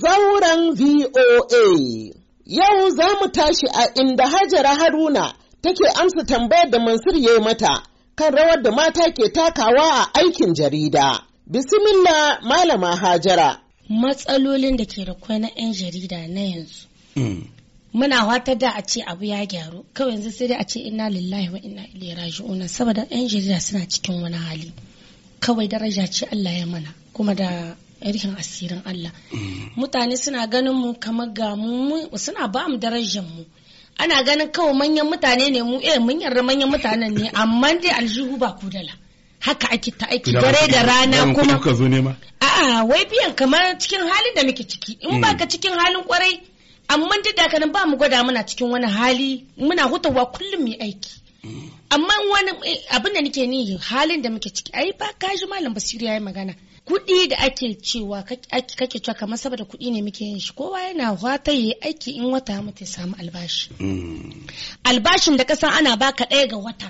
zauren VOA. Yau za mu tashi a inda Hajara Haruna take amsa tambayar da Mansur ya mata kan rawar da mata ke takawa a aikin jarida. Bismillah Malama Hajara. Matsalolin da ke da na 'yan jarida na yanzu. Hmm. muna wata da a ce abu ya gyaru kawai yanzu sai dai a ce ina lillahi wa inna ilaihi raji'un saboda yan jarida suna cikin wani hali kawai daraja ce Allah ya mana kuma da rihin asirin Allah mutane suna ganin mu kamar ga mu suna ba mu darajar mu ana ganin kawai manyan mutane ne mu eh mun yarda manyan mutanen ne amma dai aljihu ba kudala haka ake ta aiki dare da rana kuma kuka zo ne ma a'a wai biyan kamar cikin halin da muke ciki in hmm. baka cikin halin kwarai amma dai da kanan ba mu gwada muna cikin wani hali muna hutawa kullum mu aiki hmm. amma wani eh, abin da nake ni halin da muke ciki ai ba ka ji malam basiru yayi magana kuɗi da ake cewa kake cewa kamar saboda kuɗi ne muke yin shi kowa yana wata yi aiki in wata mutu ya samu albashi mm. albashin da kasan ana baka ɗaya ga wata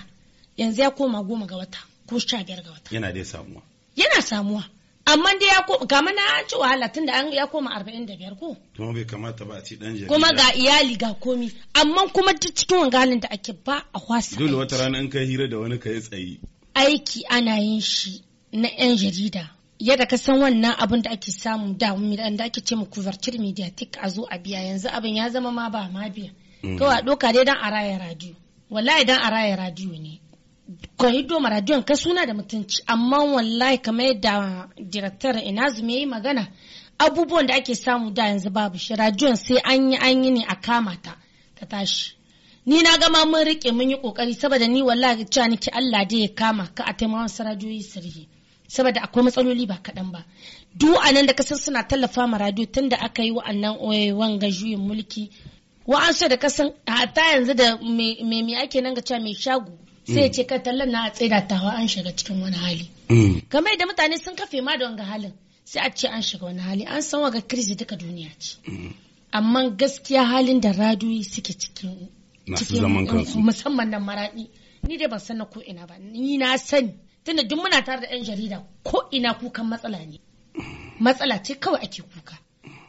yanzu ya koma goma ga wata ko sha biyar ga wata yana dai samuwa yana samuwa amma dai ya koma ga na an ci wahala da an ya koma arba'in da biyar ko kuma bai kamata ba a ci ɗan jarida kuma ga iyali ga komi amma kuma duk cikin wanga halin da ake ba a kwasa dole wata rana in kai hira da wani ka yi tsayi aiki ana yin shi na yan jarida yadda ka san wannan abin da ake samu da da ake ce mu kuvertir tik a zo a biya yanzu abin ya zama ma ba ma biya kawai mm. a doka dai dan a raya radio wallahi dan a raya radio ne ko hiddo ma radiyon ka suna da mutunci amma wallahi kamar yadda director inazumi ya yi magana abubuwan da ake samu da yanzu babu shi radiyon sai an yi an yi ne a kama ta ta tashi ni na gama mun rike mun yi kokari saboda ni wallahi cewa niki Allah dai ya kama ka a taimakon sarajoyi sirri saboda akwai matsaloli ba kaɗan ba duk anan da kasan suna tallafa ma radio tun da aka yi wa'annan eh, wanga juyin mulki wa'ansu da kasan yanzu da me me ake nan ga cewa mai shago sai ya mm. ce ka tallan na tsaida ta an shiga cikin wani hali game mm. da mutane sun kafe ma da wanga halin sai a ce an shiga wani hali an san waga kirji duka duniya ce mm. amma gaskiya halin da radoyi suke cikin cikin musamman nan maraɗi ni dai ban san na ko ina ba ni na sani tunda duk muna tare da 'yan jarida ko ina kukan matsala ne matsala ce kawai ake kuka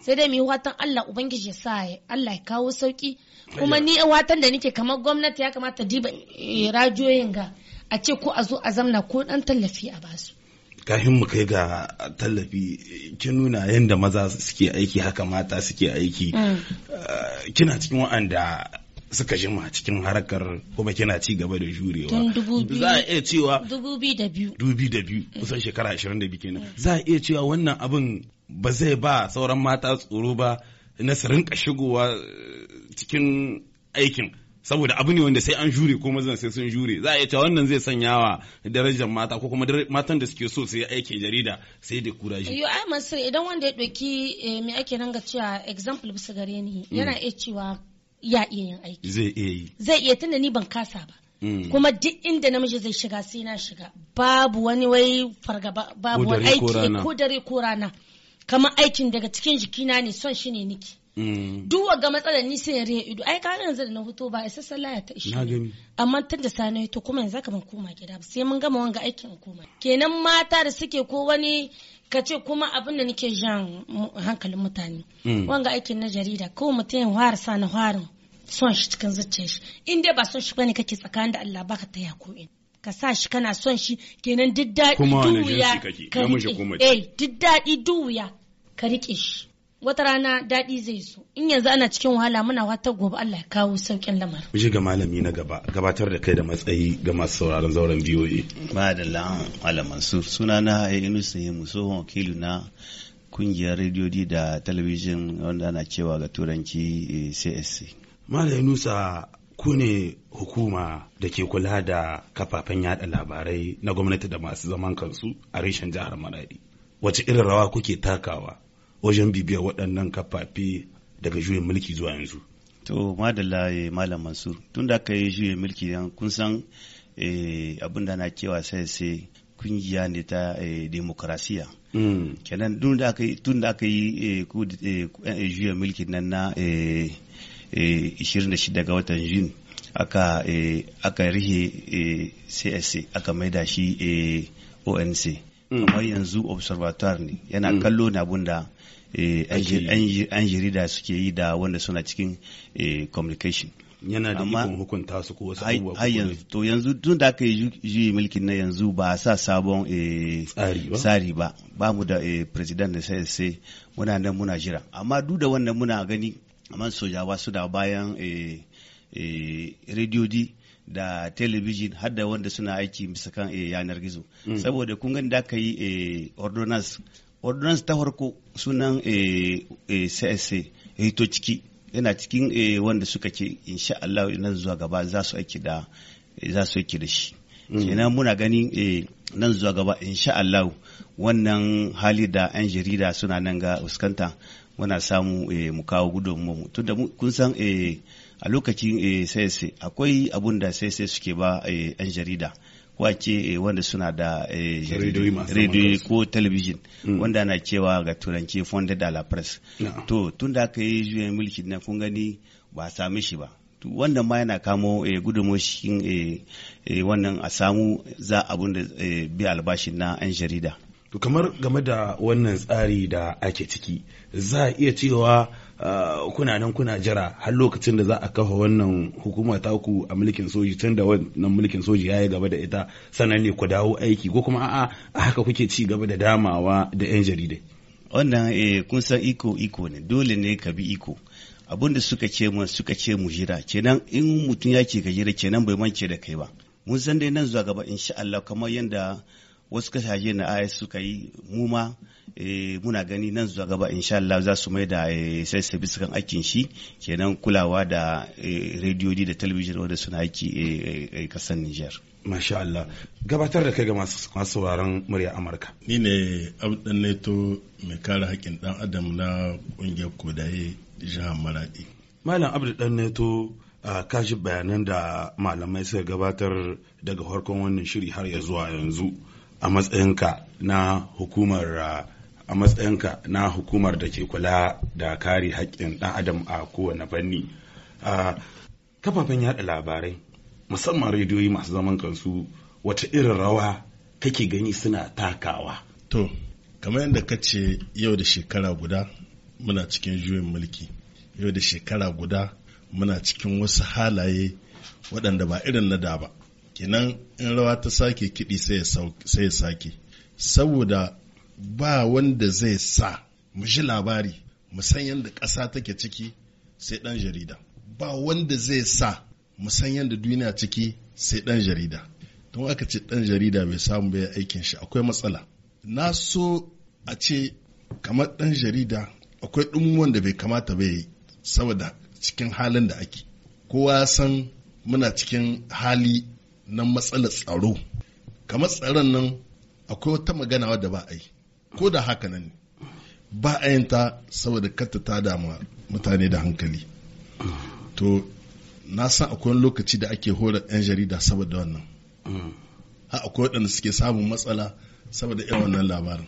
sai dai mu watan Allah ubangiji ya Allah ya kawo sauki kuma ni watan da nike kamar gwamnati ya kamata diba eh, rajoyin ga a ce ko a zo a zamna ko dan tallafi a basu kafin mu kai ga tallafi kin nuna yadda maza suke aiki haka mata suke aiki mm. ah, kina cikin wa'anda suka jima cikin harakar kuma kina ci gaba da jurewa za a iya cewa dubi da biyu kusan shekara 22 kenan eh. za a iya cewa wannan abin ba zai ba sauran mata tsoro ba na su rinka shigowa eh, cikin aikin saboda abu ne wanda sai an jure ko mazan sai sun jure za a iya cewa wannan zai sanya wa darajar mata ko kuma matan da suke so su yi aiki jarida sai da kuraji. Yo ai masu idan wanda ya doki eh, me ake ga cewa example bisa gare ni hmm. yana iya cewa ya iya yin aiki zai iya yi zai iya tunda ni ban kasa ba hmm. kuma duk inda namiji zai shiga sai na shiga babu wani wai fargaba babu aiki ko dare ko rana kamar aikin daga cikin jikina ne son shi ne niki Mm. duk ga matsalar ni sai yare ido ai ka yanzu da na fito ba isa sallah ya ta ishi amma tun da sani to kuma yanzu ka ban koma gida ba sai mun gama wanga aikin koma kenan mata da suke ko wani ka ce kuma abin da nake jan hankalin mutane mm. wanga aikin na jarida ko mutum ya sa na harin son shi cikin zuciyar shi in dai ba son shi bane kake tsakanin da Allah baka ta ko in ka sa shi kana son shi kenan duk daɗi duwuya ka riƙe eh duk daɗi duwuya ka riƙe shi wata rana daɗi zai so in yanzu ana cikin wahala muna wata gobe Allah ya kawo sauƙin lamar. Muje ga malami na gaba gabatar da kai da matsayi ga masu sauraron zauren VOA. Madalla Malam Mansur sunana Inusa Himu tsohon wakilu na kungiyar rediyoyi da talabijin wanda ana cewa ga turanci CSC. Eh, Malam Nusa ku ne hukuma da ke kula da kafafen yada labarai na gwamnati da masu zaman kansu a reshen jihar Maradi. Wace irin rawa kuke takawa wajen bibiyar waɗannan kafafe daga juyin mulki zuwa yanzu. To madalla ya eh, malam Mansur tun da aka yi juyin mulki yan kun san eh, abin da na cewa sai sai kungiya ne ta eh, demokrasiya. Mm. Kenan tun da aka yi juyin mulki nan na 26 ga watan Jun aka aka rihe CSC aka maida shi ONC. Mm. kamar yanzu observatoire ne yana mm. kallo na abun da yan eh, jarida suke yi da wanda suna cikin eh, communication yana da ikon hukunta su ko wasu abubuwa yanzu to yanzu tun da aka yi juyi mulkin na yanzu ba a sa sabon eh, tsari ba ba mu da president da sai sai muna nan muna jira amma duk da wanda muna gani amma sojawa su da bayan radio di da telebijin har da wanda suna aiki bisa kan eh, yanar gizo mm. saboda kun gani da ka yi eh, ordonance ordonance ta farko sunan csc eh, hito ciki yana cikin wanda suka ce insha Allah nan zuwa gaba za su aiki da za su aiki da shi mm. kenan muna ganin nan zuwa gaba insha Allah wannan hali da 'yan jarida suna nan ga fuskanta muna samu mu kawo gudunmu tunda kun san a lokacin eh, sese akwai abun da sese suke ba eh, 'yan jarida eh, wanda suna da rediyo ko talabijin mm. wanda na cewa ga turanci funded a la press to tun da aka yi juyen mulki na kungani ba a sami shi ba Wanda ma yana kamo gudunmoshin wannan a samu za abun da bi albashin na 'yan jarida To kamar game da wannan tsari da ake ciki za a iya cewa ah, kuna nan kuna jira har lokacin da za a kafa wannan hukuma taku a mulkin soji tun da wannan mulkin soji ya yi gaba da ita sannan ne ku dawo aiki ko kuma a haka kuke ci gaba da damawa da 'yan jaridai. Wannan eh, kun san iko iko ne dole ne ka bi iko. abun da suka ce mu suka ce mu jira kenan in mutum ya ce ka jira kenan bai mance da kai ba mun san dai nan zuwa gaba insha Allah kamar yadda wasu kasashe na AIS suka yi muma eh, muna gani nan zuwa gaba insha Allah za su mai da sai bisa kan aikin shi kenan kulawa da eh, rediyoyi da talabijin wanda suna aiki eh, kasar Niger. Masha Allah. Gabatar da kai ga masu sauraron murya Amurka. Ni ne abdan neto mai kare haƙƙin ɗan adam na ƙungiyar kodaye jihar Maradi. Malam Abdu dan neto ka shi bayanan da malamai suka gabatar daga farkon wannan shiri har ya zuwa yanzu. a matsayinka na hukumar a matsayinka na hukumar da ke kula da kare haƙƙin ɗan adam a kowane fanni a kafafen yaɗa labarai musamman rediyoyi masu zaman kansu wata irin rawa kake gani suna takawa to kamar yadda ka ce yau da shekara guda muna cikin juyin mulki yau da shekara guda muna cikin wasu halaye waɗanda ba irin na da ba kenan in rawa ta sake kiɗi sai ya sake saboda ba wanda zai sa mu ji labari mu san yadda ƙasa take ciki sai ɗan jarida ba wanda zai sa mu san yadda duniya ciki sai ɗan jarida don aka ce ɗan jarida bai samu bai aikin shi akwai matsala na so a ce kamar ɗan jarida akwai ɗumin da bai kamata bai saboda cikin halin da ake kowa san muna cikin hali na matsalar tsaro kamar tsaron nan akwai wata magana wadda ba a yi ko da haka nan ba a yin ta saboda kata ta dama mutane da hankali to na san akwai wani lokaci da ake horar 'yan jarida saboda wannan ha akwai waɗanda suke samun matsala saboda irin wannan labarin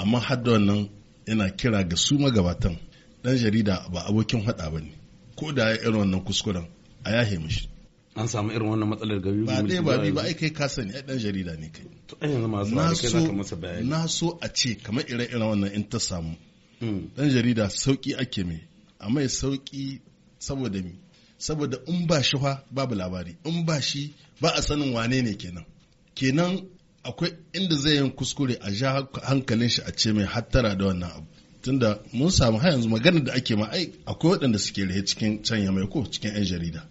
amma hada wannan yana kira ga su magabatan ɗan jarida ba abokin haɗa ba ne ko da ya irin wannan kuskuren a yahe an samu irin wannan matsalar ga biyu ba ɗaya ba biyu ba ai kai ka sani ai dan jarida ne kai to ai yanzu masu ba kai zaka masa bayani na so a ce kamar ire-iren wannan in ta samu hmm. dan jarida sauki ake mai amma ya sauki saboda mi saboda in ba shi fa babu labari in ba shi ba a sanin wane ne kenan kenan akwai inda zai yin kuskure a ja hankalin shi a ce mai hattara da wannan abu tunda mun samu har yanzu magana da ake ma ai akwai waɗanda suke rahe cikin can ya mai ko cikin 'yan jarida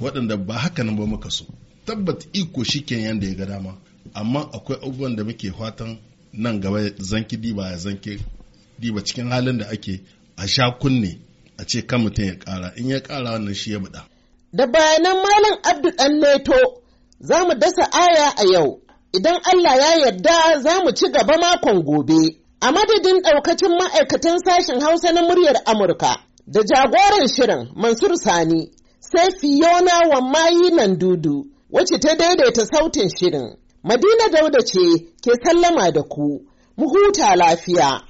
waɗanda ba haka nan ba muka so tabbat iko shi ke yanda ya ga dama amma akwai abubuwan da muke fatan nan gaba zanki diba ya zanki diba cikin halin da ake a sha kunne a ce kan mutum ya ƙara in ya ƙara wannan shi ya buɗa. da bayanan malam abdu dan neto za mu dasa aya a yau idan allah ya yarda za mu ci gaba makon gobe a madadin ɗaukacin ma'aikatan sashen hausa na muryar amurka da jagoran shirin mansur sani sai Fiona Wammayi nan dudu wacce ta daidaita sautin shirin. Madina Dauda ce ke sallama da ku, mu huta lafiya.